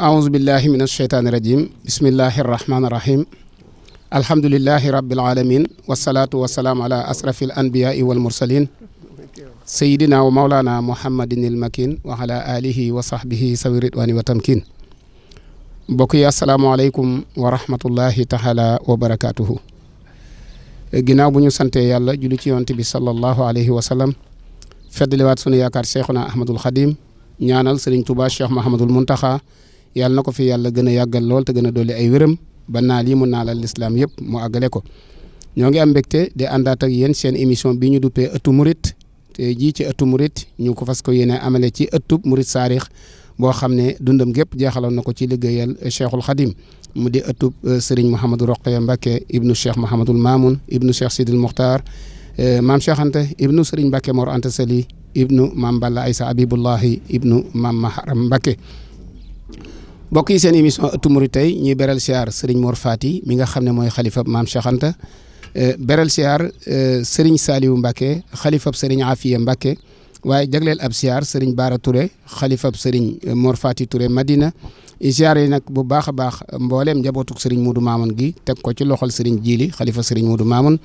أعوذ بالله من الشيطان الرجيم بسم الله الرحمن الرحيم الحمد لله رب العالمين والصلاة والسلام على أشرف الأنبياء والمرسلين سيدنا ومولانا محمد المكين وعلى آله وصحبه سوي الرضوان والتمكين mbokk yi asalaamaaleykum wa rahmatullahi taala wa barakaatuhu ginnaaw bu ñu santee yàlla julli ci yonte bi alayhi wa sallam feddaliwaat sunu yaakaar cheikhuna ahmadul xadim ñaanal sëriñ tuba cheikh mahamadul muntaxa yàlla na ko fi yàlla gën a yàggal lool te gën a ay wéram ba naal yi mu naalal lislaam yëpp mu àggale ko ñoo ngi am mbégte di àndaat ak yéen seen émission bi ñu duppee ëttu murit te jii ci ëttu murit ñu ko fas ko yéene amale ci ëttub murit saarix boo xam ne dundam gépp jeexaloon na ko ci liggéeyal sheikhul xadim mu di ëttub euh, sëriñ Mouhamadou Roqaya Mbacke ibnu cheikh Mouhamadul Mamoun ibnu cheikh Sidil Muxtaar euh, maam Cheikh Anta ibnu sëriñ Mbacke Mor Anta Sali ibnu bokk yi seen émission ëttu tey ñuy beral siyaar Serigne Mor Fati mi nga xam ne mooy xalifab maam Cheikh e beral siyaar eh, Serigne Saliou Mbacke xalifab Serigne Afia Mbacke waaye jagleel ab siyaar Serigne baara Touré xalifab Serigne eh, moor Fati Touré Madina siyaar yi nag bu baax a baax mbooleem njabootuk Serigne Modou Mamoun gi teg ko ci loxol Serigne Jili xalifa Serigne Modou Mamoun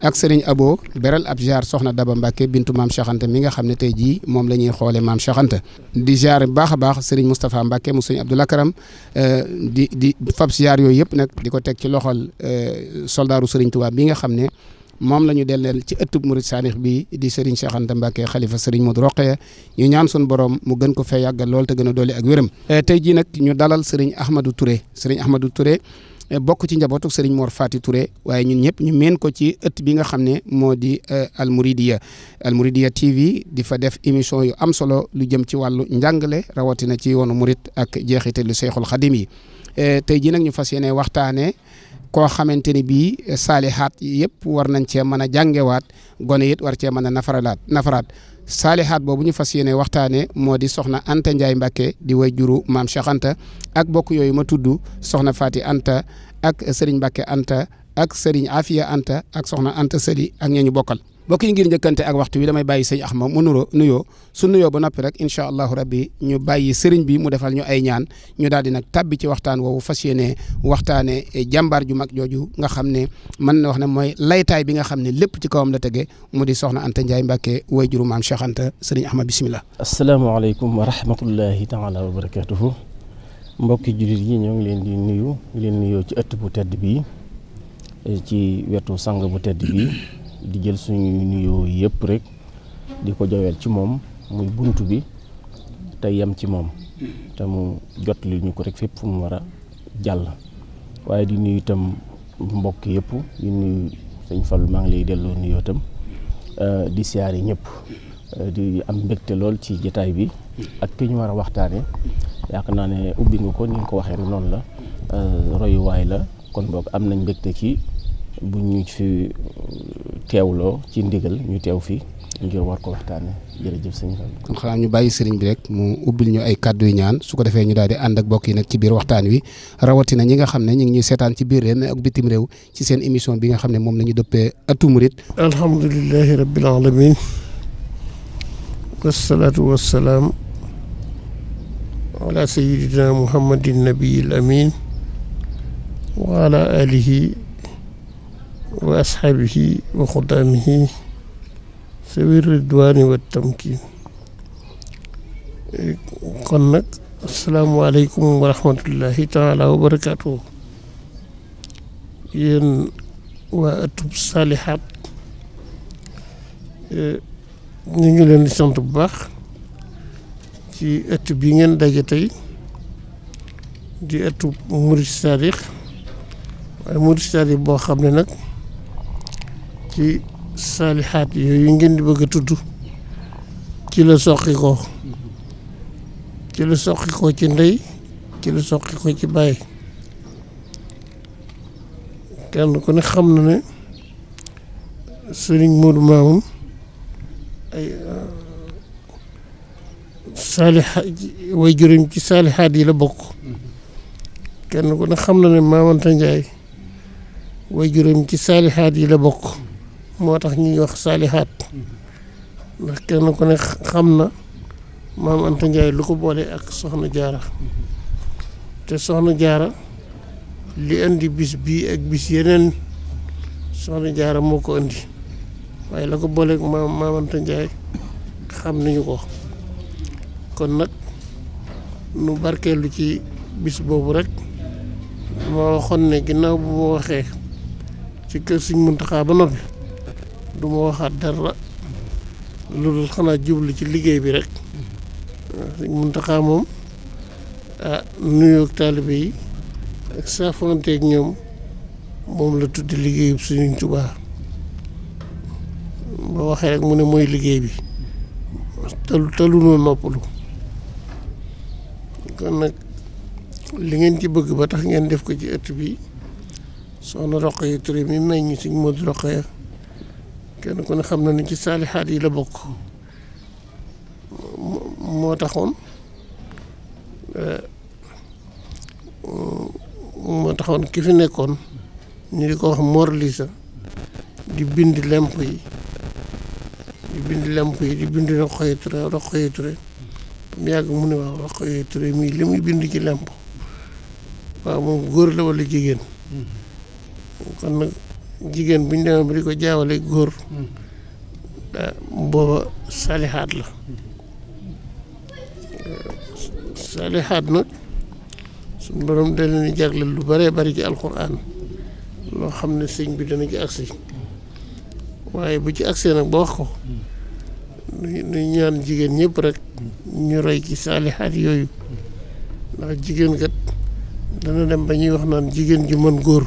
ak sëriñ Abo beral ab jaar soxna Daba Mbacke bintu maam Cheikh Anta mi nga xam ne tey jii moom lañuy ñuy xoolee maam Cheikh Anta di jaar bu baax a baax sëriñ Moustapha mbake mu sëriñ Abdoul Karam euh, di di fab jaar yooyu yëpp nag di ko teg ci loxol euh, soldaaru sëriñ Touba bi nga xam ne. moom la ñu delleel ci ëttub murid saalix bi di Serigne Cheikh Anta Mbacke xalifa Serigne Modou Roqee ñu ñaan sun borom mu gën ko fee yàggal lool te gën a dolli ak wéram. Euh, tey jii nag ñu dalal Serigne Ahmadou Touré Serigne Ahmadou Touré. Eh, bokk ci njabootu sëriñ Mor Fati ture waaye ñun ñëpp ñu meen ko ci ëtt bi nga xam ne moo di eh, Almouridiya Almouridiya TV di fa def émission yu am solo lu jëm ci wàllu njàngale rawatina ci yoonu murit ak lu jeexitalu Seexul Xadim yi eh, tey jii nag ñu fas yéene waxtaanee koo xamante ni bii saalihaat yëpp war nañ cee mën a jàngewaat gone it war cee mën a nafaralaat nafaraat. saalihaat boobu ñu fas yéene waxtaanee moo di soxna Anta Ndiaye Mbacke di way juru maam Cheikh Anta ak bokk yooyu ma tudd soxna faati Anta ak Serigne Mbacke Anta ak Serigne Afia Anta ak soxna Anta Sëli ak ña ñu bokkal. mbokk yi ngir njëkkante ak waxtu wi damay bàyyi sëñ ma mu nuroo nuyoo su nuyoo ba noppi rek incha allahu rabbi ñu bàyyi sëriñ bi mu defal ñu ay ñaan ñu daal di nag tàbbi ci waxtaan woowu fas yéene waxtaane jàmbaar ju mag jooju nga xam ne mën na wax ne mooy laytaay bi nga xam ne lépp ci kawam la tege mu di soxna Anta Ndiaye Mbacke way juru maam Cheikh Anta sëriñ Axma bisimilah. asalaamaaleykum wa rahmatullahi taala wa barakatuhu mbokki jullit yi ñoo ngi leen di nuyu leen nuyoo ci ëtt bu tedd bi ci wetu sang bi di jël suñu nuyoo yëpp rek di ko joweel ci moom muy bunt bi te yem ci moom te mu jot li ñu ko rek fépp fu mu war a jàll waaye di nuyu itam mbokk yëpp di nuyu sëñ Fallu maa ngi lay delloo nuyoo itam euh, di siyaare ñëpp euh, di am mbégte lool ci jataay bi ak ki ñu war a waxtaane yaakaar naa ne ubbi nga ko ni nga ko waxee noonu la euh, royuwaay la kon boog am nañ mbégte ci bu ñu fi teewloo ci ndigal ñu teew fii ngir war ko waxtaane jërëjëf sëñ Fallou kon xanaa ñu bàyyi sëriñ bi rek mu ubbil ñu ay kàddu yu ñaan su ko defee ñu daal di ànd ak bokk yi nag ci biir waxtaan wi rawatina ñi nga xam ne ñu ngi ñuy seetaan ci biir réew mi ak bitim réew ci seen émission bi nga xam ne moom la ñu dëppee Atu Murid alhamdulilahi rabbil alamin wasalaatu wasalaam ala sayidina muhammadin nabiyil amin wa ala wa asxaabihi wa xudaamihi sawi ridwaani wa tamkiin kon nag asalaamualeykum wa rahmatullahi taala wa barakaatu yéen waa atub saalihaat ñu ngi leen di sant bu baax ci bi ngeen daje tey di ëttu murid saadix waaye murid saadix boo xam ne nag ci saalihaat yooyu ngeen di bëgg a tudd ci la soqi ko ci la soqi ko ci ndey ci la soqi ko ci baay kenn ku ne xam na ne sëriñ Moodu Maamun ay euh, saaliha way juróom ci saalihaat yi la bokk kenn ku ne xam na ne Maamanta Njaay way juróom ci saalihaat yi la bokk moo tax ñuy wax saalihaat ndax kenn ku ne xam na maam Anta lu ko boole ak soxna jaara te soxna jaara li indi bis bii ak bis yeneen soxna jaara moo ko indi waaye la ko booleeg maam maam Anta Ndiaye xam nañu ko kon nag nu barkeelu ci bis boobu rek ma waxoon ne ginnaaw bu waxee ci kër suñ Muntaxa ba noppi du ma waxaat dara loolu xanaa jublu ci liggéey bi rek ah, sëñ Muntaxa moom ah nuyoog taalibe yi ak saafonteeg ñoom moom la tuddi liggéey suñu Tuubaa ba waxee rek mu ne mooy liggéey bi talu talu noo noppalu kon nag li ngeen ci bëgg ba tax ngeen def ko ci ëtt bi soxna roq yi Touré mi meññ suñ Modou Roqaya kenn ku ne xam na ni ci saalixaat yi la bokk moo taxoon eh, moo taxoon ki fi nekkoon ñu di ko wax Mor Lisa di bind lemp yi di bind lemp yi di bind Rokhaya Touré Rokhaya Touré mu yàgg mu ne waaw Rokhaya Touré mii li muy bind ci lemp waaw moom góor la walla jigéen mm-hmm. kon jigéen bu ñu demee bu di ko jaawale góor hmm. ah, booba salihaat la salihaat nag suñ borom da leen lu bëree bëri ci alxuraan loo xam ne sëñ bi dana ci agsi waaye bu ci agsee nag ba wax ko nu ñaan jigéen ñëpp rek ñu roy ci saalihaat yooyu ndax jigéen kat dana dem ba ñuy wax naan jigéen ju mën góor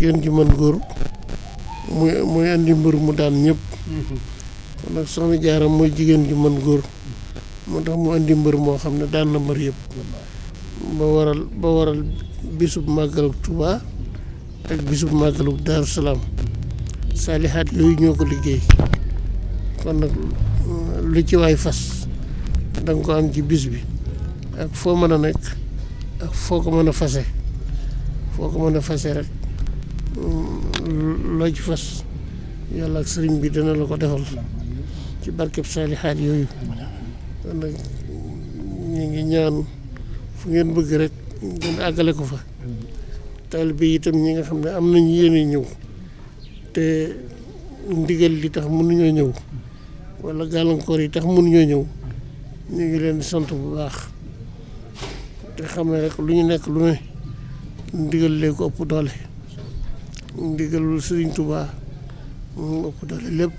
jigéen ji mën góor muy muy indi mbër mu daan ñëpp mm-hmm. kon nag soxna Jaara mooy jigéen ji mën góor moo tax mu indi mbër moo xam ne daan na mbër yëpp ba waral ba waral bisub màggalug Tuuba ak bisub màggalug Daaru saalihaat yooyu ñoo ko liggéey kon nag lu ci waay fas da nga ko am ci bis bi ak foo mën a nekk ak foo ko mën a fase foo ko mën a fase rek loo ci fas yàlla ak sëriñ bi dana la ko defal ci barkeb saalihaat yooyu kon nag ñu ngi ñaan fu ngeen bëgg rek ngeen àggale ko fa taalibe yi itam ñi nga xam ne am nañu yéene ñëw te ndigal li tax mënuñoo ñëw walla gàllankoor yi tax mënuñoo ñëw ñu ngi leen di sant bu baax te xam ne rek lu ñu nekk lu ne ndigal lee ko ëpp doole ndigalul Serigne Touba moom ëpp doole lépp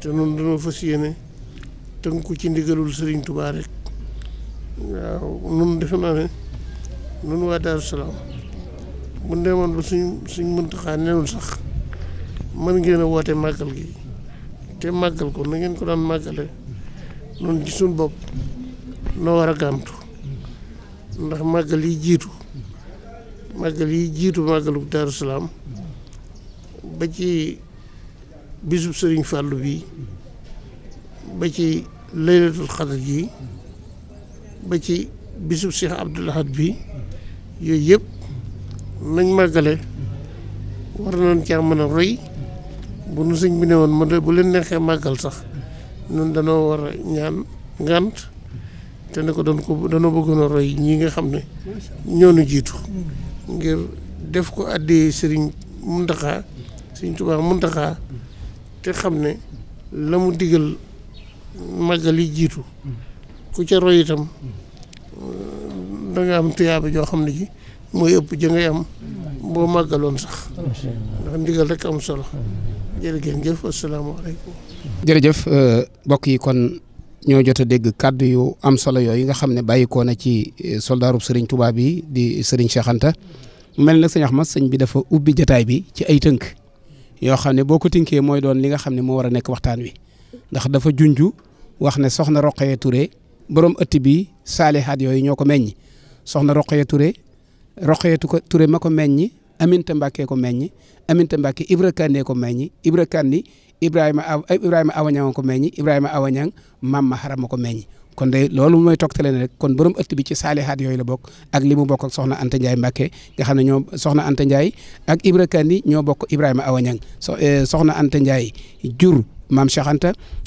te noonu dañoo fas yéene tënku ci ndigalul Serigne Touba rek waaw nun defe naa ne nun waa Daaru Salaam bu suñ suñ Muntaxa nenul sax mën ngeen a woote màggal gi te màggal ko na ngeen ko daan màggale noonu ci suñ bopp noo war a gàmtu ndax màggal yi jiitu màggal yi jiitu màggalu Daaru Salaam ba ci bisub Sëriñ Fàllu bi ba ci laylatul xadar ji ba ci bisub Cheikh Abdoul bi yooyu yépp nañ màggale war nañ caa mën a roy bu nu sëñ bi ne woon ma de bu leen neexee màggal sax ñun danoo war a ñaan ngant te ne ko doon ko danoo bëggoon a roy ñi nga xam ne ñoo nu jiitu ngir def ko àddee sëriñ Muntaxa sëriñ Tuubaa Muntaxa te xam ne la mu digal màggal yi jiitu ku ca roy itam danga am tuyaaba joo xam ne ji mooy ëpp jënga ngay am boo màggaloon sax ndax ndigal rek am solo jërë ngeen jëf asalaamaaleykum jërëjëf euh, mbokk yi kon ñoo jot a dégg kàddu yu am solo yooyu nga xam ne bàyyikoo na ci eh, soldaarub sëriñ Tuubaa yi di sëriñ Cheikh mu mel nag sëñ ma sëñ bi dafa ubbi jataay bi ci ay tënk yoo xam ne boo ko tënkee mooy doon li nga xam ne moo war a nekk waxtaan wi ndax dafa junju wax ne soxna Roqaya Touré borom ëtt bi saalihaat yooyu ñoo ko meññ soxna Roqaya Touré Roqaya Touré ma ko meññi Aminta mbakkee ko meññ Aminta Mbàkke Ibra Kane ko meññ Ibra Kane Ibrahima eh, Ibrahima Awañang ko meññi Ibrahima Awañang maam ma xarama ko meññi kon de loolu mooy toogtale ne rek kon borom ëtt bi ci saalihaat yooyu la bokk ak li mu bokk ak soxna Anta Ndiaye Mbacke nga xam ne ñoo soxna Anta ak Ibra ñoo bokk Ibrahima Awañang so eh, soxna Anta Ndiaye jur maam Cheikh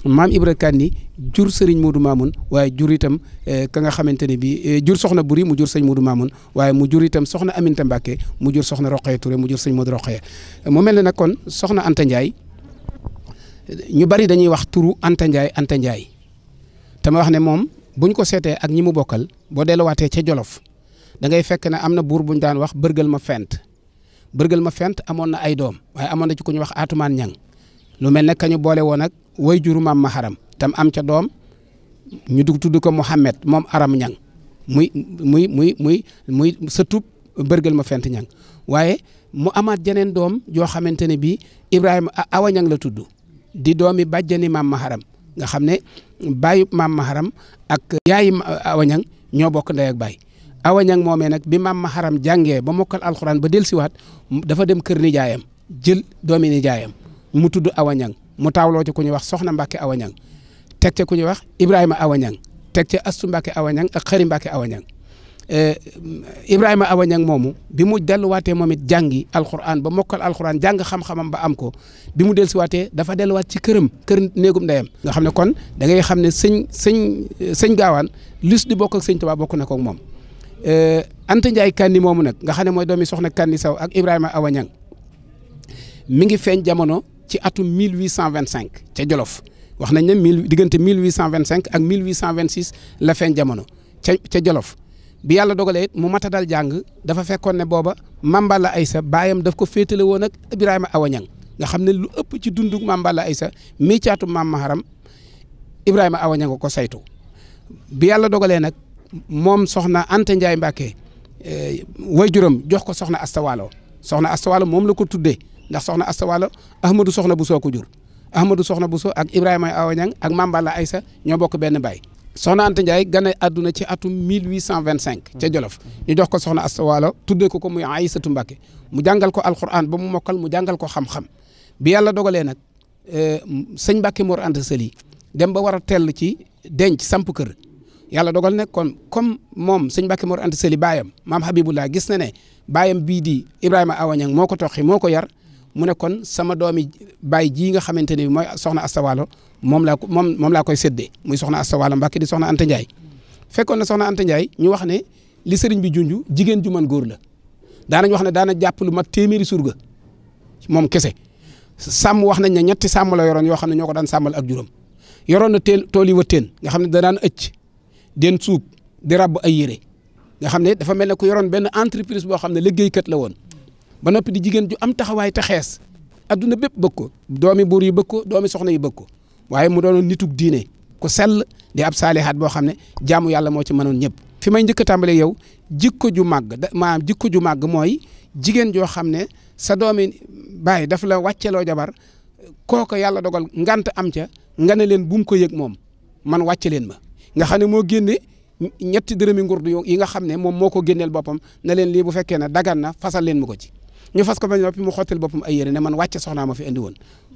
maam Ibra Kani jur Serigne Modou Mamoun waaye jur itam eh, ka nga xamante ne bii jur soxna Buri mu jur sëñ Modou Mamoun waaye mu jur itam soxna Aminta Mbacke mu jur soxna Roqaya Touré mu jur sëñ Modou Roqaya mu mel ne nag kon soxna Anta Ndiaye ñu bari dañuy wax turu Anta Ndiaye Anta Ndiaye te wax ne moom buñ ko seetee ak ñi mu bokkal boo delluwaatee ca Jolof dangay fekk ne am na buur buñ daan wax bërgal ma fent bërgal ma fent amoon na ay doom waaye amoon na ci ku ñu wax aatumaan Ñang lu mel ne ka boole woon nag way juru maam ma xaram tam am ca doom ñu dugg tudd ko Mouhamed moom Aram Ñang muy muy muy muy muy tub bërgël ma fent Ñang waaye mu amaat jeneen doom joo xamante ne bii Ibrahima Awa Ñang la tudd di doomi bàjjani maam maharam nga xam ne baayu maam maharam ak yaayi awañang ñoo bokk ndey ak baay awañang moomee nag bi maam maharam jàngee ba mokkal alxuraan ba dellusiwaat dafa dem kër nijaayam jël doomi nijaayam mu tudd awañang mu taawloo ci ku ñuy wax soxna Mbacke awañang teg ca ku ñuy wax Ibrahima awañang teg ca astu Mbacke awañang ak xëri Mbacke awañang Eh, Ibrahima Awañang moomu bi mu delluwaatee moom it jàngi alxuraan ba mokkal alxuraan jàng xam-xamam ba am ko bi mu dellusiwaatee dafa delluwaat ci këram kër néegum ndeyam. nga xam ne kon da ngay xam ne sëñ sëñ sëñ gaawaan lus di bokk ak sëñ Tuubaa bokk na koog moom. Eh, Anta Ndiaye Kandi moomu nag nga xam ne mooy doomi soxna Kandi Saw ak Ibrahima Awañang mi ngi feeñ jamono ci atum 1825 ca Jolof wax nañ ne mille diggante 1825 ak la feeñ jamono ca ca Jolof. bi yàlla dogalee mu mata dal jàng dafa fekkoon ne booba Mamballa Aysa baayam daf ko féetale woon ak Ibrahima Awañang nga xam ne lu ëpp ci dundu Mamballa Aysa mii caatu maam Maharam Ibrahima Awañang ko saytu bi yàlla dogalee nag moom soxna Anta Ndiaye way eh, waajuram jox ko soxna Asta Waalo soxna Asta Waalo moom la ko tuddee ndax soxna Asta Waalo Ahmadou soxna bu soo ko jur Ahmadou soxna bu soo ak Ibrahima Awañang ak Mamballa Aysa ñoo bokk benn baay. soxna Anta Ndiaye gane àdduna ci atum 1825 ca Jolof ñu jox ko soxna Asta Waalo tuddee ko ko muy Aysatu Mbàkke mu jàngal ko alxuraan ba mu mokkal mu jàngal ko xam-xam bi yàlla dogalee nag eh, sëñ Mbàkke Mor Anta Sali dem ba war a tell ci denc samp kër yàlla dogal ne kon comme moom sëñ Mbàkke Mor Anta Sali baayam maam Habibullah gis na ne baayam bii di Ibrahima Awañang moo ko toxi moo ko yar mu ne kon sama doomi baay jii nga xamante ni mooy soxna Asta Waalo moom laa ko moom moom laa koy séddee muy soxna Asta Waalo Mbàkke di soxna Anta Ndiaye fekkoon na soxna Anta Ndiaye ñu wax ne li sëriñ bi junj jigéen ju man góor la daanañ wax ne daana jàpp lu mat téeméeri surga moom kese sàmm wax nañ ne ñetti sàmm la yoroon yoo xam ne ñoo ko daan sàmmal ak juróom yoroon na teel tool yi wëtteen nga xam ne da daan ëcc den suub di ay yére nga xam ne dafa mel ne ku yoroon benn entreprise boo xam ne liggéeykat la woon ba noppi di jigéen ju am taxawaay te xees adduna bépp bëgg ko doomi buur yi bëgg ko doomi soxna yi bëgg ko waaye mu doonoon nitug diine ku sell di ab saalihaat boo xam ne jaamu yàlla moo ci mënoon ñëpp fi may njëkk a tàmbalee yow jikko ju màgg da maanaam jikko ju màgg mooy jigéen joo xam ne sa doomi baay daf la wàcceloo jabar kooka yàlla dogal ngant am ca nga ne leen bu ko yëg moom man wàcce leen ma nga xam ne moo génne ñetti dërëmi ngurdu yi nga xam ne moom moo ko génneel boppam na leen lii bu fekkee ne dagan na fasal leen mu ko ci ñu fas ko ba noppi mu xottil boppam ay yére ne man wàcce soxnaa ma fi andi woon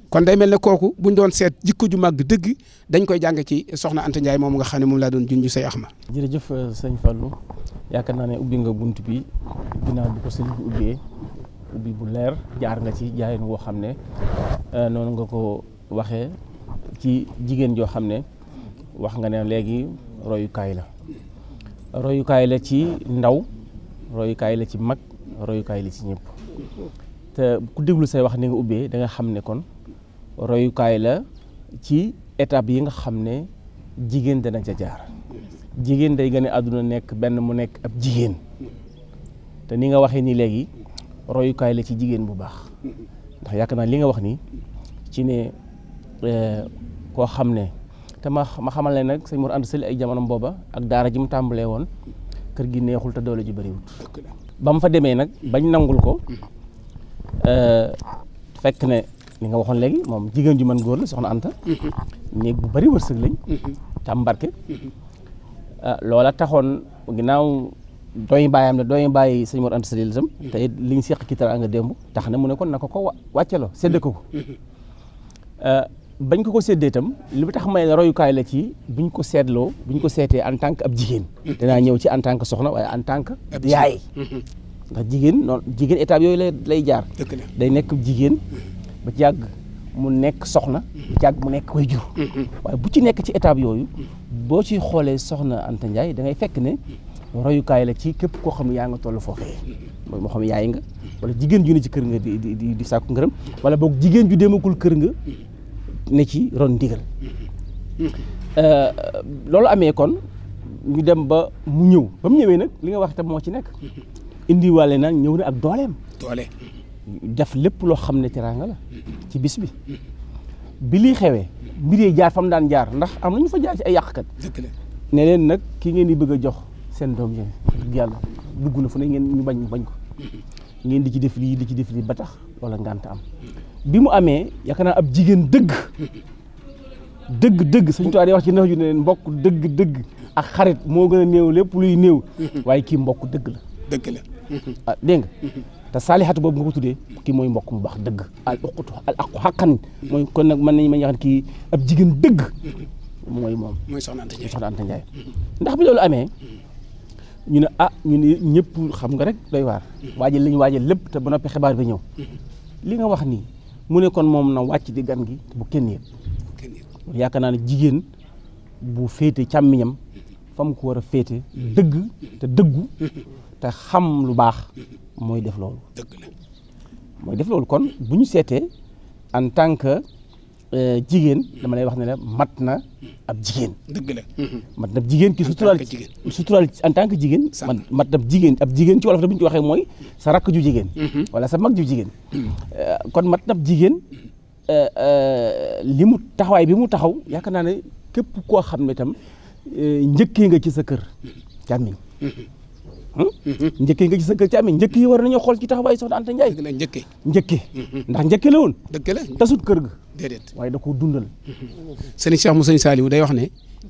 kon day mel ne kooku bu buñ doon seet jikko ju màgg dëgg dañ koy jàng ci soxna Anta Ndiaye moom nga xam ne moom laa doon junj say axma jërëjëf euh, sëñ Fallou yaakaar naa ne ubbi nga bunt bi ginnaaw bi ko sëñ bi ubbee ubbi bu leer jaar nga ci jaayin woo xam ne euh, noonu nga ko waxee ci jigéen joo xam ne wax nga ne léegi royukaay la royukaay la ci ndaw royukaay la ci mag royukaay la ci te ku déglu say wax ni nga ubbee da xam ne kon royukaay la ci étape yi nga xam ne jigéen dana ca jaar jigéen day gën a àdduna nekk benn mu nekk ab jigéen te ni nga waxee nii léegi royukaay la ci jigéen bu baax ndax yaakaar naa li nga wax nii ci ne eh, koo xam ne te ma ma xamal ne nag sëñ Mor ànd Sali ay jamono booba ak daara ji mu tàmbalee woon kër gi neexul te doole ji bëriwut ba mu fa demee nag bañ nangul ko euh, fekk ne li nga waxoon léegi moom jigéen ji mën góor la soxna Anta. néeg bu bari wërsëg lañ. tam barke. Euh, loola taxoon ginnaaw doy bàyyam la doy bàyyi sëñ Mor Anta Sali itam te it liñ seq ki tara tax na mu ne kon na ko ko wàccaloo sédd ko ko bañ ko ko séddee itam li tax may la royukaay la ci buñ ko seetloo buñ ko seetee en tant que ab jigéen. danaa ñëw ci en tant que soxna waaye en tant yaay mm-hmm. ndax jigéen noonu jigéen étape yooyu lay lay jaar. day nekk jigéen mm-hmm. ba yàgg mu nekk soxna. ba ci nekk way jur. Mm-hmm. ci nekk ci étape yooyu. boo ci xoolee soxna Anta Ndiaye da ngay fekk ne royukaay la ci képp koo xam ne yaa nga toll foofee moo xam yaay nga wala jigéen ju ne ci kër nga di di di sàkku ngërëm wala boog jigéen ju demagul kër nga. ne ci ron ndigal euh, loolu amee kon ñu dem ba mu ñëw ba mu ñëwee nag li nga wax tam moo ci nekk indiwaale naan ñëw na ak dooleem doole def lépp loo xam ne teraanga la ci bis bi bi lii xewee mbir yi jaar fam daan jaar ndax am na ñu fa jaar ci ay yàqkat ne leen nag ki ngeen di bëgg a jox seen doom yi yàlla dugg na fu ne ngeen bañ bañ ko ngeen di ci def lii di ci def lii ba tax walla ngante am bi mu amee yaakaar naa ab jigéen dëgg dëgg dëgg suñu tubaab di wax ci nax ju ne leen mbokk dëgg dëgg ak xarit moo gën a néew lépp luy néew waaye kii mbokk dëgg la dëgg ah, dégg nga te saalihatu boobu nga ko tuddee kii mooy mbokk mu baax dëgg al uqutu al aqu xaqan mooy kon nag mën nañ ma ñaxan kii ab jigéen dëgg mooy moom mooy soxna Anta Ndiaye ndax bi loolu amee ñu ne ah ñu ne ñëpp xam nga rek doy waar mm-hmm. waajal li ñu lépp te ba noppee xibaar ba ñëw mm-hmm. li nga wax nii mu ne kon moom na wàcc di gan gi bu kenn yëg yaakaar naa ne jigéen bu féete càmmiñam fam ko war a féete dëgg te dëggu te xam lu baax mooy def loolu mooy def loolu kon bu ñu seetee en tant que Euh, jigéen dama lay wax ne la mat na ab jigéen. dëgg la. mat na ab jigéen ki suturaal suturaal en tant que jigéen. mat na ab jigéen ab jigéen ci wolof bu ñu ko waxee mooy sa rakk ju jigéen. Mhm. wala sa mag ju jigéen. Euh, kon mat jigéen euh, li mu taxawaay bi mu taxaw yaakaar naa ne képp koo xam ne tam njëkkee nga ci sa kër càmmiñ. Mhm. Hmm? Mhm. njëkkee nga ci sa kër càmmiñ njëkk yi war ñoo xool ci taxawaay soxna Anta Ndiaye. njëkkee njëkkee. ndax njëkkee la woon. dëgg tasut kër ga. déedéet waaye da koo dundal. sëriñ Cheikh mu sëriñ Saliou day wax ne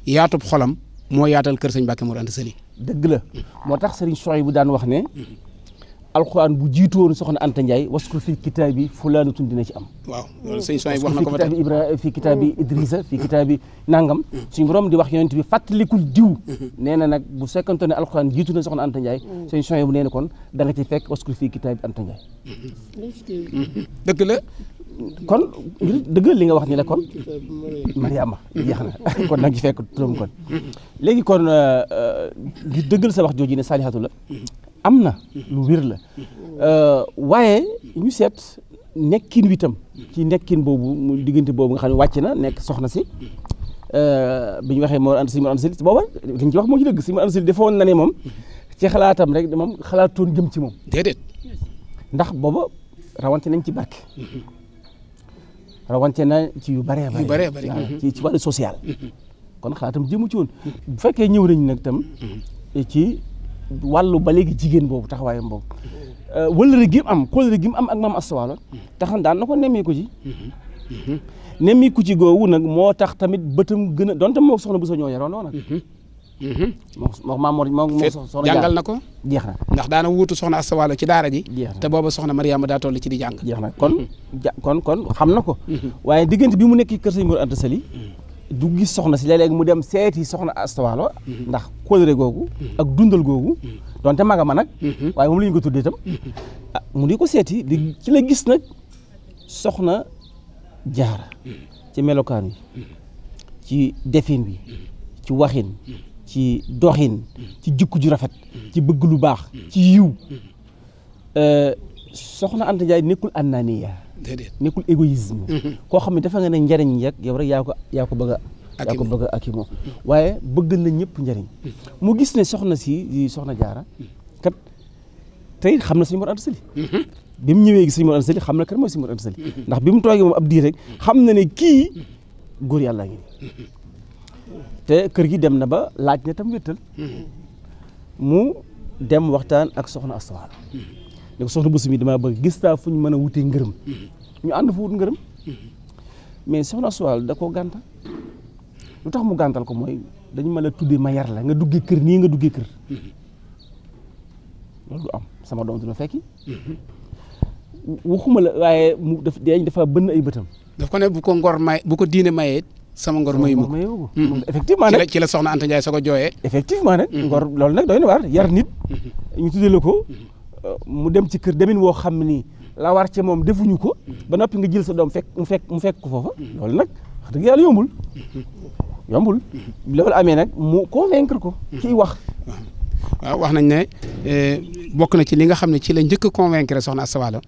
yaatub xolam moo yaatal kër sañ sëñ Mbacke Mor Anta Sali. dëgg la moo tax sëriñ Soy bu daan wax ne. alxuraan bu jiituwoon soxna Anta Ndiaye wasku fii kitaab bi fulaanatun dina ci am. waaw loolu sëñ Soy wax na ko ba tey Ibrahima fii kitaab bi Idrissa bi Nangam. suñu borom di wax yonent bi fàttalikul diw. nee na nag bu fekkonte ne alxuraan jiitu na soxna Anta Ndiaye. sëñ Soy bu nee na kon da ci fekk wasku fii kitaab bi Anta Ndiaye. dëgg kon dëggal li nga wax ni la kon Mariama jeex na kon nag ci fekk turam kon léegi kon euh, euh, ngir dëggal sa wax jooju ne saalihatu la am na lu wér la euh, waaye ñu seet nekkin wi tam ci nekkin boobu mu diggante boobu nga xam ne wàcc na nekk soxna si bi ñu waxee moo ànd si moo ànd si booba li ñu ci si ma ànd si defoon na ne moom ci xalaatam rek moom xalaatoon jëm si moom déedéet ndax booba rawante nañ ci barke rawante na ci yu bëree bëree bëri ci ci wàllu social mhm. kon xalaatam jëmu ci woon bu fekkee ñëw nañ nag tam mhm. ci wàllu ba léegi jigéen boobu taxawaayam boobu euh, wëllëre gi am kóllëre gi am ak maam Asta Waalo taxan daan na ko nemmeeku ci mhm. nemmeeku ci googu nag moo tax tamit bëtam gën a donte moo soxna bu sa ñoo yaroo nag Mhm. moo maam Mor moom moo soxna jàngal na ko jeex na ndax daana wuutu soxna Asta Walo ci daara ji te booba soxna Mariama daa toll ci di jàng jeex na kon mhm. kon kon xam na ko mhm. waaye diggante bi mu nekk kër Sëñ Mor Anta Sali du gis soxna si léeg-léeg mu dem seeti soxna Asta Walo ndax kóllëre googu ak dundal googu donte maga ma nag waaye moom la ko tuddee itam ah, mu di ko seeti di ci la gis nag soxna jaar ci melokaan wi ci defin bi ci waxin ci doxin ci jukk ju rafet ci bëgg lu baax ci yiw euh, soxna Anta Ndiaye nekkul annaaniya nekkul égoïsme mm-hmm. koo xam ne dafa nga ne njariñ yeg yow rek yaa ko bëgg a yaa ko bëgg mm-hmm. waaye bëggal na ñëpp njariñ mm-hmm. mu gis ne soxna si soxna jaara kat tey xam na suñu mor Anta mu ñëwee gi suñu mor Anta Sali xam na kat mooy suñu ndax bi mu toogee moom ab rek xam na ne kii góor yàlla ngi nii te kër gi dem na ba laaj na tam wéttal mu dem waxtaan ak soxna Astawaalo ne ko soxna Bousso mi damaa bëgg gis taa fu ñu mën a wutee ngërëm ñu ànd fa wut ngërëm mais soxna Astawaalo da ko gàntal lu tax mu gàntal ko mooy dañu mën a tuddee ma yar la nga duggee kër nii nga duggee kër loolu du am sama doom dina fekki waxuma la waaye mu def dañ dafa bënn ay bëtam daf ko ne bu diine mayee sama ngor mayu ma ko effectivement nag ci la soxna Anta Ndiaye soo ko jooyee effectivement nag ngor loolu nag doy na waar yar nit ñu tuddee la ko euh, mu dem ci kër demin woo xam ni la war ci moom defuñu ko ba noppi nga jël sa doom fekk mu fekk mu fekk ko foofa loolu nag wax yàlla yombul loolu amee nag mu convaincre ko kiy wax waaw wax nañ ne eh, bokk na ci li nga xam ne ci la njëkk convaincre soxna Asta Walo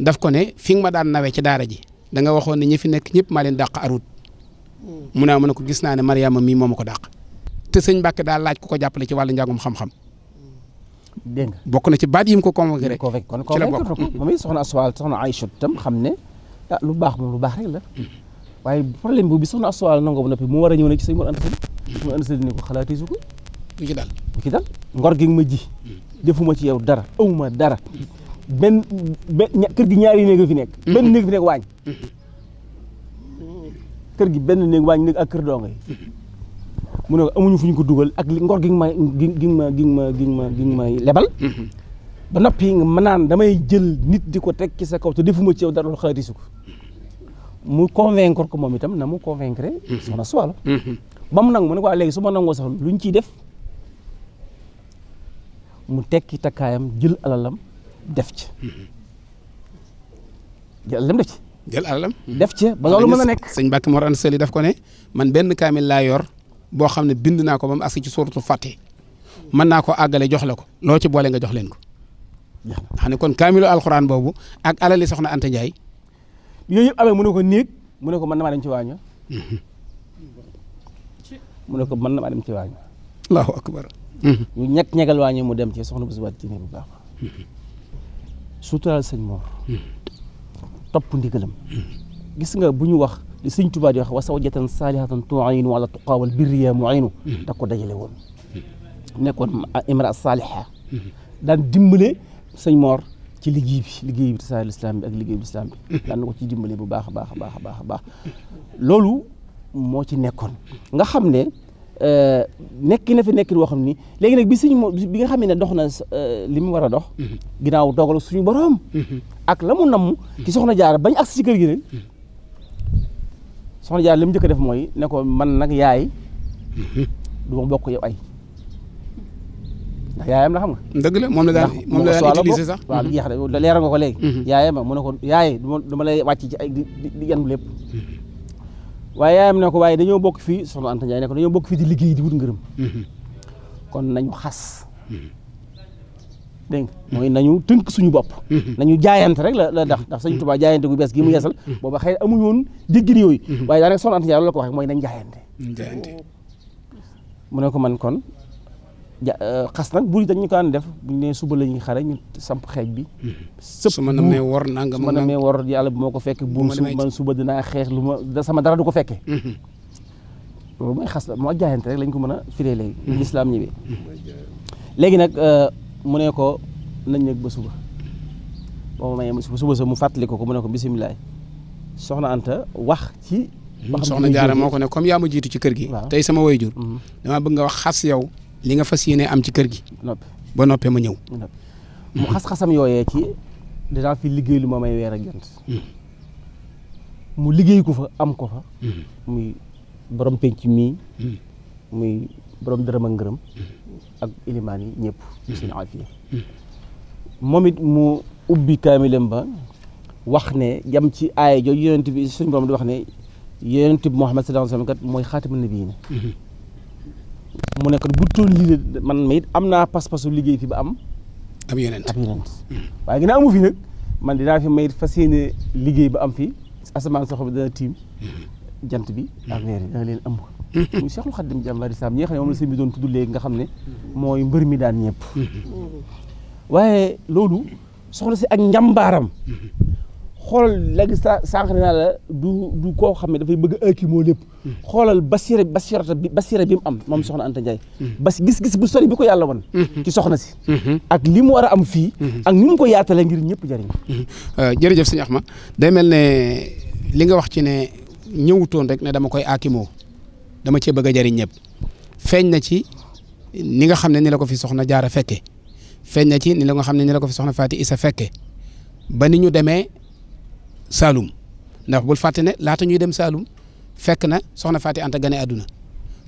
daf ko ne fi nga ma daan nawee ci daara ji da nga waxoon ne ñi fi nekk ñëpp maa leen dàq arut mu ne ma ne ko gis naa ne Mariama mi moo ma ko dàq te sëñ Mbàkke daal laaj ko ko jàppale ci wàllu njàngum xam-xam. dégg nga bokk na ci baat yi mu ko convoqué ko ci la bokk moom it soxna Asuwaal soxna Aïcha tam xam ne ah, lu baax moom lu baax la. waaye problème boobu soxna Asuwaal nangoo mu war a ñëw nag ci sëñ Mor Anta Sali. mu Anta Sali ne ko xalaatee su ko. bu ci dal bu ci dal ngor gi ma ji. defuma ci yow dara awuma dara. benn benn kër gi ñaari néeg fi nekk. Mm-hmm. benn néeg fi nekk waañ mm-hmm. kër gi benn néeg waañ néeg ak kër dongo mu ne amuñu fu ñu ko dugal ak li ngor gi ma gi gi ma gi gi ma gi may lebal ba noppi nga ma naan damay jël nit di ko teg ci sa kaw te defuma ci yow dara xaarisu ko mu convaincre ko moom itam na mu convaincre soxna suwalo ba mu nangu mu ne ko léegi su ma nangoo sax lu ñu def mu tekki takkaayam jël alalam def ci jël alalam def ci jël alalam. def ci ba loolu mën a nekk sëñ Mbàkke Mor Anta Sali daf ko ne man benn kaamil laa yor boo xam ne bind naa ko ba mu agsi ci suuratu Faatiha mën naa ko àggale jox la ko loo ci boole nga jox leen ko. xam ne kon kaamilo alxuraan boobu ak alali soxna Anta njaay yooyu yëpp amee mu ne ko néeg mu ne ko mën na maa dem ci waañu. mu ne ko mën na maa dem ci waañu. allahu akbar. ñu ñett mu dem ci soxna bu subaat ci ne bu baax. sëñ Mor. topp ndigalam gis nga bu ñu wax li sëñ Tuubaa di wax wa sawjatan saalihatan tu'inu ala tuqaawal birriya mu'inu da ko dajale woon nekkoon imra saaliha daan dimbale sëñ Moor ci liggéey bi liggéey bi tasaare lislaam bi ak liggéey daan na ko ci dimbale bu baax a baax a baax a baax baax loolu moo ci nekkoon nga xam ne Euh, nekk na fi nekkin woo xam nii léegi nag bi moo bi nga xam ne dox na euh, li mu war a dox. Mhm. ginnaaw dogal suñu boroom. Mhm. ak la mu namm. ci soxna jaar bañ ak ci kër gi rek. Mhm. soxna jaara li mu njëkk def mooy nekkoo man nag yaay. du ma bokk ay. ndax yaayam la xam nga. dëgg la moom la daan moom la daan utilisé sax. waaw ko léegi. yaayam mu ne yaay du ma lay wàcc di di yan lépp. waaye yaayam ne ko waaye dañoo bokk fi soxna Anta Ndiaye ne ko dañoo bokk fii di liggéey di wut ngërëm mhm. kon nañu xas mhm. dégg nga mooy nañu tënk suñu bopp na mhm. nañu jaayante rek la la ndax ndax sëñ Tuubaa jaayante gu bees gi mu yeesal booba xëy amuñu woon déggin yooyu waaye daanaka soxna Anta Ndiaye loolu la ko waxee mooy mu ne ko man kon Euh, xas nag bu dañ ñu ko daan def bu nee suba la ñuy xare ñu samp xeej bi. sëpp su ma demee wor nangam ma demee wor yàlla bu moo ko fekkee. bu man suba dinaa xeex lu ma sama dara du ko fekkee. Mhm. loolu mooy xas moo jaayante rek lañ ko mën a firee léegi. Mhm. Mhm. léegi nag euh, mu ne ko nañ ba suba. boo ma mayee suba sa mu fàttali ko ko mu ne ko bisimilah soxna Anta wax ci. soxna Jaara moo ko ne comme yaa ma jiitu ci kër gi. tey sama wayjur. damaa bëgg nga wax xas yow. li nga fas yéene am ci kër gi. ba noppee ma ñëw. mu xas-xasam yooyee ci dinaa fi liggéey lu ma may weer ak jant. Hmm. mu liggéey ko fa am ko fa. Hmm. muy borom penc mii. Hmm. muy borom dërëm a ngërëm. ak ilimaan yi ñëpp. moom it mu ubbi kaamilam ba wax ne jam ci aaya jooju yonent bi suñu borom di wax ne yonent bi Muhammad sallallahu alayhi wa sallam kat mooy xaatimun nabiyyiin mu nekk bu toll lii man ma it am naa pas-pasu liggéey fi ba am. ab yonent ab yonent hmm. waaye ginnaaw amu fi nag man dinaa fi may fas yéene liggéey ba am fi asamaan soxla bi dana tiim hmm. jant bi hmm. ak weer yi dana leen ëmb. muy Cheikhul Khadim jàmbaari Sam ñi nga xam ne bi doon tudd léegi nga xam ne mooy mbër mi daan ñëpp. waaye loolu soxla si ak njàmbaaram. xoolal léegi sa sànq naa du du koo xam ne dafay bëgg a kii moo lépp. xoolal basira bi basira bi mu am moom soxna Anta Ndiaye. bas gis-gis bu sori bi ko yàlla wan. ci soxna si. ak li war a am fii. ak ni mu ko yaatalee ngir ñëpp jëriñ. Euh, jërëjëf sëñ Axma day mel ne li nga wax ci ne ñëwutoon rek ne dama koy aakimoo dama cee bëgg a jëriñ ñëpp feeñ na ci ni nga xam ne ni la ko fi soxna jaara fekke feeñ na ci ni la nga xam ne ni la ko fi soxna Faati Isa fekke ba ni ñu demee. Saalum ndax bul fàtte ne laata ñuy dem Saalum fekk na soxna Faati Anta gane àdduna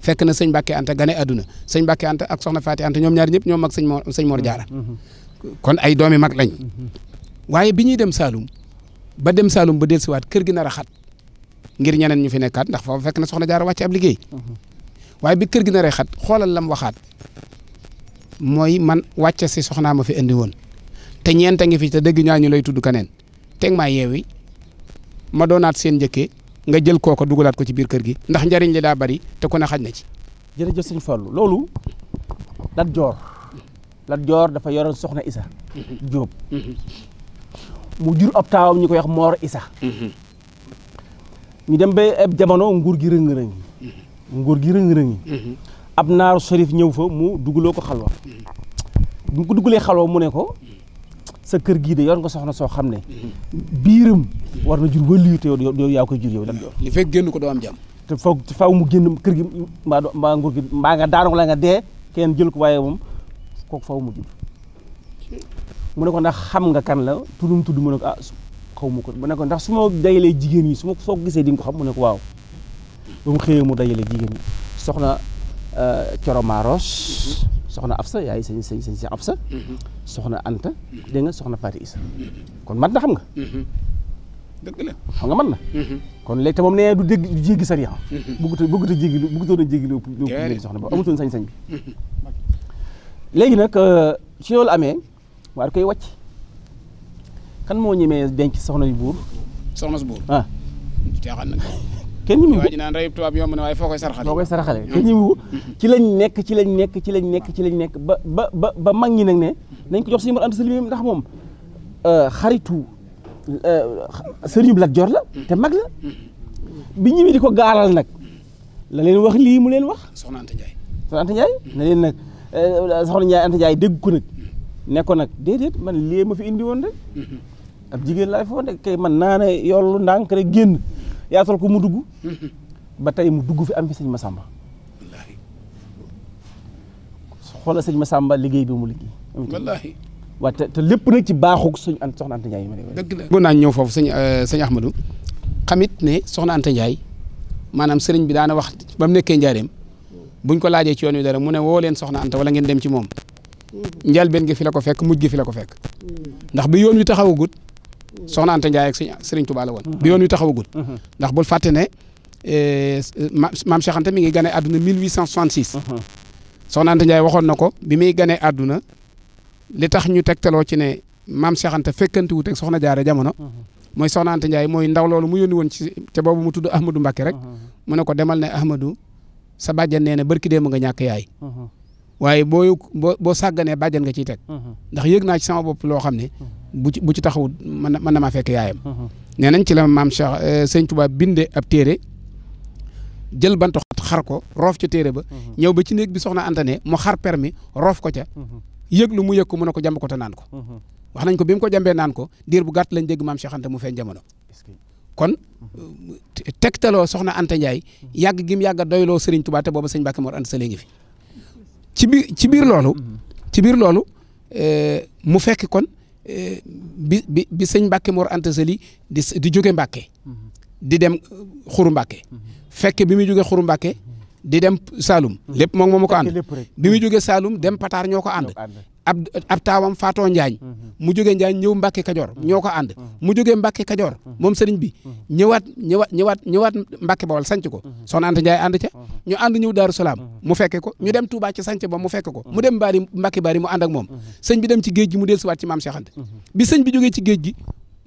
fekk na sëñ Mbàkke Anta gane àdduna sëñ Mbàkke Anta ak soxna Faati Anta ñoom ñaar ñëpp ñoom mag sëñ Mor sëñ Mor Jaara kon ay doomi mag lañ waaye bi ñuy dem Saalum ba dem Saalum ba dellusiwaat kër gi nar a xat ngir ñeneen ñu fi nekkaat ndax foofu fekk na soxna Jaara wàcc ab liggéey waaye bi kër gi nar a xat xoolal lam waxaat mooy man wàcce si soxnaa ma fi indi woon te ñeenta ngi fi te dëgg ñaa ñu lay tudd keneen teg maa yeewi ma doonaat seen njëkkee nga jël kooko dugalaat ko ci biir kër gi ndax njariñ li daa bari te ku ne xaj na ci. jërëjëf sëñ Fallou loolu Lat Joor Lat Joor dafa yoroon soxna Isa Jóob mu jur ab taawam ñu koy wax Moor dem ba jamono nguur gi rëng-rëng nguur gi rëng ab naaru Cherif ñëw fa mu dugaloo ko xalwa bu ko dugalee xalwa mu ne ko sa kër gii de yor nga soxna soo xam ne biiram war na jur wëllu te yow yaa koy jur yow lam yor li fekk génn ko doo am jàmm te foog faaw mu génn kër gi mbaa mbaa gi mbaa nga daanu la nga dee kenn jël ko waaye moom kooku faaw mu jur mu ne ko ndax xam nga kan la tuddum tudd mu ne ko ah xaw ma ko mu ne ko ndax su ma dajalee jigéen yi su ma soo gisee di nga ko xam mu ne ko waaw ba mu xëyee mu dajalee jigéen yi soxna Coro euh, Maros soxna Afsa yaay sëñ sëñ sëñ si Afsa mhm. soxna Anta mhm. dégg nga soxna Faati Isa kon mat na xam nga mhm. dëgg la xam nga mën na kon léegi te moom nee du dégg du jéggi sariya bëggut a bëggut a jéggi bëggutoon a jéggi lépp léegi soxna ba amutoon sañ-sañ bi léegi nag euh, ci loolu amee waar koy wàcc kan moo ñemee denc soxna yu buur soxna su buur ah caaxaan nag kenn ñi waaye naan rayub na waaye foo koy saraxale foo koy saraxale kenn ñi ci lañ nekk ci lañ nekk ci lañ nekk ci lañ nekk ba ba ba ba mag ñi nag ne nañ ko jox suñu mën ant ndax moom euh, xaritu sëriñu Lat Joor la te mag la bi ñëwee di ko gaaral nag la leen wax lii mu leen wax soxna Anta Ndiaye soxna Anta Ndiaye na leen nag euh, soxna Ndiaye Anta Ndiaye nag ne ko man lii ma fi indi woon rek mm-hmm. ab jigéen laay foofu rek man naa ne yollu ndànk rek génn yaatal ko mu dugg ba tey mu dugg fi am fi sëñ Massamba xoolal sëñ Massamba liggéey bi mu liggéey wallaahi waaw te te lépp nag ci baaxug suñ an soxna Anta Ndiaye ma ne dëgg la naa ñëw foofu sëñ euh, sëñ Ahmadou xamit ne soxna Anta Ndiaye sëriñ bi daana wax ba nekkee njaareem buñ ko laajee ci yoon wi dara mu ne woo leen soxna Anta wala ngeen dem ci moom mm. njëlbeen gi fi ko fekk muj gi fi la ko fekk mm. ndax bi yoon wi taxawagut soxna Anta Ndiaye ak Serigne Touba la woon. bi yoon wi taxawagul. Mm-hmm. Mm-hmm. ndax bul fàtte ne eh, maam Cheikh Anta mi ngi gane àdduna 1866. Mm-hmm. soxna Anta Ndiaye waxoon na ko bi muy gane àdduna li tax ñu te tegtaloo ci ne maam Cheikh Anta fekkanti wut ak soxna jaare jamono. mooy soxna Anta Ndiaye mooy ndaw loolu mu yónni woon ci te boobu mu tudd Ahmadou Mbacke rek. mu ne ko demal ne Ahmadou sa bàjjan nee na barki démb nga ñàkk yaay. waaye boo boo boo sàgganee bàjjan nga ciy teg. ndax yëg bu ci bu ci taxawut mën na mën na maa fekk yaayam. Uh-huh. nee nañ ci la maam Cheikh eh, sëñ Touba binde ab téere jël bant xar ko roof ca téere ba. Uh-huh. ñëw ba ci néeg bi soxna Anta ne mu xar permi roof ko ca. Uh-huh. yëg lu mu yëg ko mu a ko jàmb ko te naan ko. wax nañ ko bi mu ko jàmbee naan ko diir bu gàtt lañ dégg maam Cheikh Anta mu feeñ jamono. kon tegtaloo soxna Anta Ndiaye yàgg gim yàgg a doyloo Serigne Touba te booba sëñ Mbacke Mor Anta Sali fi. ci loolu. ci loolu eh, mu fekk kon. bi bi bi sëñ Mbacke Mor Anta Sali di di jóge Mbacke. di dem uh, Xuru Mbacke. fekk bi muy jóge Xuru Mbacke. di dem Saalum. lépp moom moom ko ànd bi muy jóge Saalum dem Pataar ñoo ko ànd. ab ab taawam faatoo Njaañ mhm. mu jógee Njaañ ñëw Mbàkke Kajoor mhm. ñoo ko ànd mhm. mu jógee Mbàkke Kajoor moom sëriñ bi ñëwaat ñëwaat ñëwaat ñëwaat Mbàkke Bawol sanc ko soxna Anta Njaay ànd ca ñu ànd ñëw Daaru Salaam mu fekke ko ñu dem Touba ci sanc ba mu fekke ko mu dem Bari Mbàkke Bari mu ànd ak moom sëñ bi dem ci géej gi mu dellusiwaat ci maam Cheikh Anta bi sëñ bi jógee ci géej gi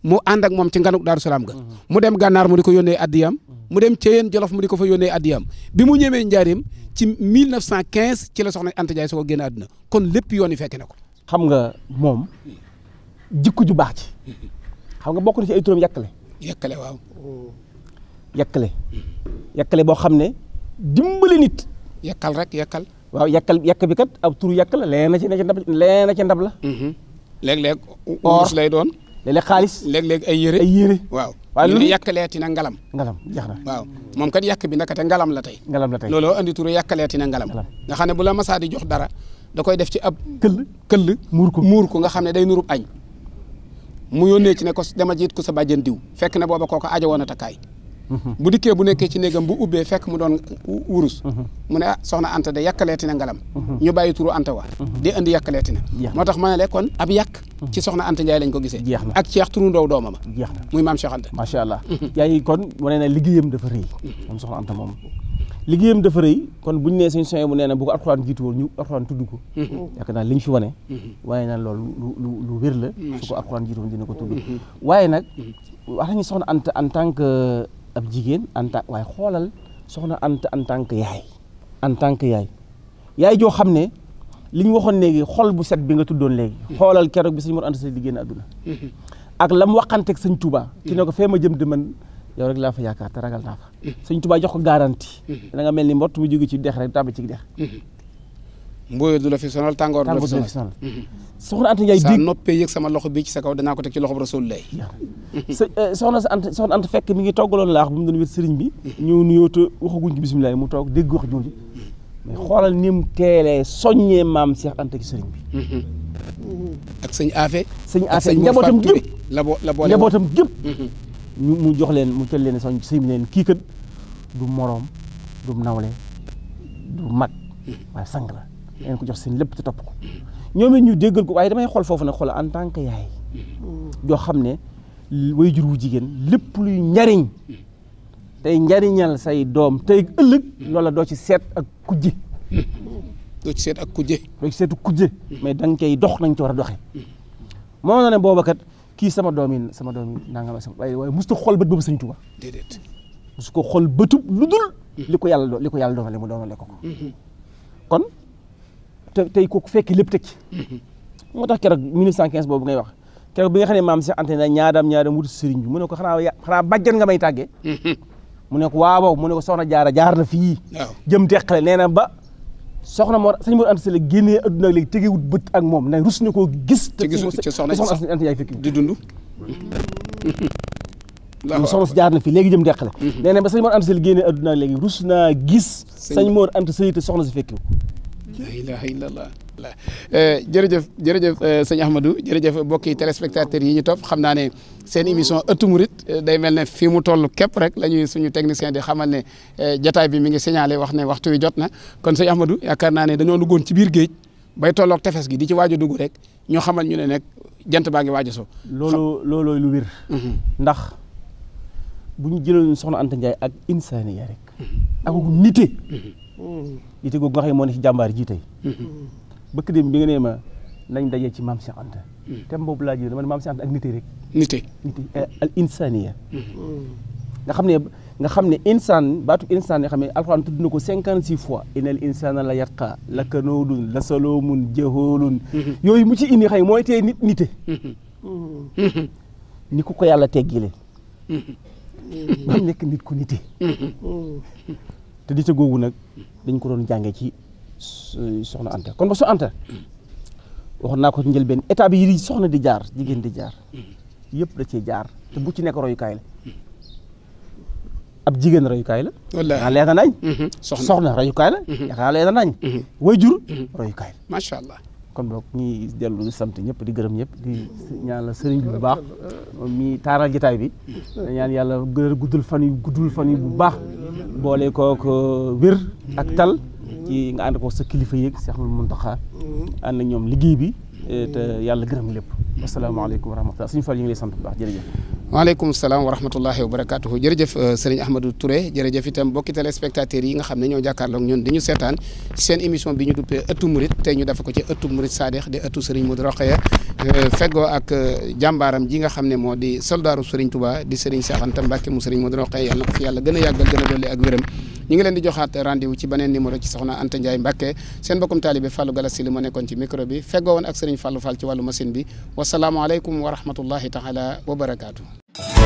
mu ànd ak moom ci nganuk Daaru Salaam ga mu dem gànnaar mu di ko yónnee addiyam mu dem Ceyeen Jolof mu di ko fa yónnee addiyam bi mu ñëwee njaareem ci 1915 ci la soxna Anta Ndiaye soo ko génn àdduna kon lépp yoon yi fekke na ko xam nga moom jikko ju baax ci xam nga bokk ci ay turam yàkkale yàkkale waaw yàkkale yàkkale boo xam ne dimbale nit yàkkal rek yàkkal waaw yàkkal yàkk bi kat ab turu yàkk la leen ci na ci ndab ndab la mm-hmm. léeg-léeg urus lay doon léeg-léeg xaalis léeg-léeg yére ay waaw waaye lu ñu yàkkaleeti na ngalam jeex na waaw moom kat yàkk bi nakate ngalam la tey ngalam la tey looloo andi turu yàkkaleeti na ngalam nga xam ne bu la masaa di jox dara da koy def ci ab këll këll muur ko muur ko nga xam ne day nurub añ mu yónnee ci ne ko demal jiit ko sa bàjjen diw fekk na booba kooko ajo woon a takkaay bu dikkee bu nekkee ci néegam bu ubbee fekk mu doon wurus mu ne ah, soxna Anta de yàkkaleeti na ngalam ñu bàyyi turu Anta wa di indi yàkkaleeti na moo tax ma ne le kon ab yàq ci soxna Anta Ndiaye lañ ko gisee jeex na ak ceex turu ndaw dooma ma jeex na muy maam mhm. liggéeyam dafa rëy moom soxna Anta moom liggéeyam dafa rëy kon buñu nee suñ soye bu nee na bu ko alxuraan jiitu woon ñu alxuraan tudd ko mhm. yaakaar naa li fi wane mhm. waaye nag loolu lu lu wér la su ko alxuraan jiitu woon dina ko tudd waaye nag wax nañu soxna Anta en tant ab jigéen en waaye xoolal soxna Anta en tant que yaay en tant yaay yaay joo xam ne li ñu waxoon léegi xol bu set bi nga tuddoon léegi xoolal keroog bi sëñ Mor Anta Sali di génn àdduna ak lam waxanteeg sëñ tubaa ci ne ko fee ma jëm di man yow rek laa fa yaakaar te ragal naa fa sëñ Touba jox ko garantie da nga mel ni mbott mu jóge ci dex rek tàbbi ci dex mbooyo du sonal tàngoor du la fi sonal soxna Anta Ndiaye sa sama loxo bii ci sa kaw danaa ko teg ci loxo Rasulullaay eh, soxna sa Anta soxna ant fekk mi ngi toggaloon laax bu mu doon wét sëriñ bi ñëw nuyoo te waxaguñ ci bisimilah mu toog dégg wax jooju mais xoolal ni mu teelee soññee maam Cheikh Anta ci sëriñ bi ak sëñ Afe sëñ Afe njabootam gépp la boole njabootam gépp ñu mu jox leen mu tël leen soñ sëñ bi leen kii kat du moroom du nawle du mag mhm. waaye sang dangeen ko jox seen lépp te topp ko ñoom ñu déggal ko waaye damay xool foofu nag xol en tant que yaay joo xam ne way jur wu jigéen lépp luy njariñ tey njariñal say doom tey ëllëg loola doo ci seet ak kujje doo ci seet ak kujje doo ci seet ak kujje mais da nga koy dox nañ ci war a doxe moo na ne booba kat kii sama doom yi sama doom yi nangama sama waaye waaye musta xool bët boobu sëñ Tuubaa déedéet musu ko xool bëtub lu dul li ko yàlla do li ko yàlla doomale mu doomale ko mm-hmm. kon te tey kooku fekki lépp tëj moo tax keroog 1915 boobu ngay wax keroog bi nga xam ne maam Cheikh Anta ñaadam ñaadam wutu sëriñ bi mu ne ko xanaa xanaa bàjjan nga may tàggee mu ne ko waaw mu ne ko soxna jaara jaar na fii jëm teqale nee na ba soxna moo sëñ Mor Anta Sali génnee adduna léegi tegewut bët ak moom na rus na koo gis te soxna Anta yaay fekk di dund soxna si jaar na fii léegi jëm teqale mm-hmm. nee na ba sëñ Mor Anta Sali génnee adduna léegi rus naa gis sëñ Mor Anta Sali te soxna si fekkiwu la ilaha illallah eh, jërëjëf jërëjëf eh, sëñ Ahmadou jërëjëf mbokki téléspectateurs yi ñu topp xam naa ne seen émission ëttu eh, day mel ne fii mu toll képp rek lañuy suñu technicien di xamal ne jataay bi mi ngi signalé wax ne waxtu wi jot na kon sëñ Ahmadou yaakaar naa ne dañoo duggoon ci biir géej bay tolloog tefes gi di ci waaj dugg rek ñoo xamal ñu ne nag jant baa ngi waaj a so. loolu loolooy lu wiir mhm. ndax bu ñu jëloon soxna Anta Ndiaye ak insaaniya rek. Mhm. ak nite. Mhm. yitte googu nga xam moo ne ci jàmbaar ji tey bëkk dem bi nga nee ma nañ dajee ci maam Cheikh te boobu laa ji dama ne maam Cheikh Anta ak nite rek nite nite al insaniya nga xam ne nga xam ne insaan baatu insaan nga xam ne alxuraan tudd ko cinquante six fois inal insaana la yàqa la kanoolun la yooyu mu ci indi xëy mooy tey nit nite ni ko ko yàlla teggile ba nekk nit ku nite te di ca googu nag dañ ko doon jànge ci soxna Anta kon ba so Anta waxoon naa ko ci njëlbeen état bi yi soxna di jaar jigéen di jaar yëpp da cee jaar te bu ci nekk royukaay la ab jigéen royukaay la. wallaahi leer na nañ. Mhm. soxna soxna royukaay la. Mhm. yaakaar naa leer na mhm. royukaay macha allah. kon boog ñuy dellu sant ñëpp di gërëm ñëpp di ñaanal sëriñ bu baax moom mi taaral jataay bi ñaan yàlla gën guddul fan yu guddul fan yi bu baax boole kook euh, wér ak tal ci nga ànd ko sa kilifa yeeg Cheikh Mountakha mm-hmm. ànd na ñoom liggéey bi te euh, yàlla gërëm lépp asalaamaaleykum wa rahmatulah suñu fal ñu ngi lay sant bu baax jërëjëf waaleykum salaam wa rahmatullahi wa barakatuhu jërëjëf euh, sëriñ Ahmadou Touré jërëjëf itam mbokki téléspectateurs yi nga xam ne ñoo jàkkaarloog ñun dañu seetaan seen émission bi ñu duppee ëttu murit tey ñu dafa ko ci ëttu murit Sadex di ëttu sëriñ Modou Rokhaya euh, feggoo ak jàmbaaram ji nga xam ne moo di soldaaru sëriñ Touba di sëriñ Cheikh Anta Mbacke mu sëriñ Modou Rokhaya yàlla na ko fi yàlla gën a yàggal gën a dolli ak wéram ñu ngi leen di joxaat rendez-vous ci beneen numéro ci soxna Anta Ndiaye Mbacke seen bokkum taalibe Fallou Galassi li ma nekkoon ci micro bi feggoo woon ak Serigne Fallou Fall ci wàllu machine bi wasalaamualeykum wa rahmatullahi taala wa barakaatu.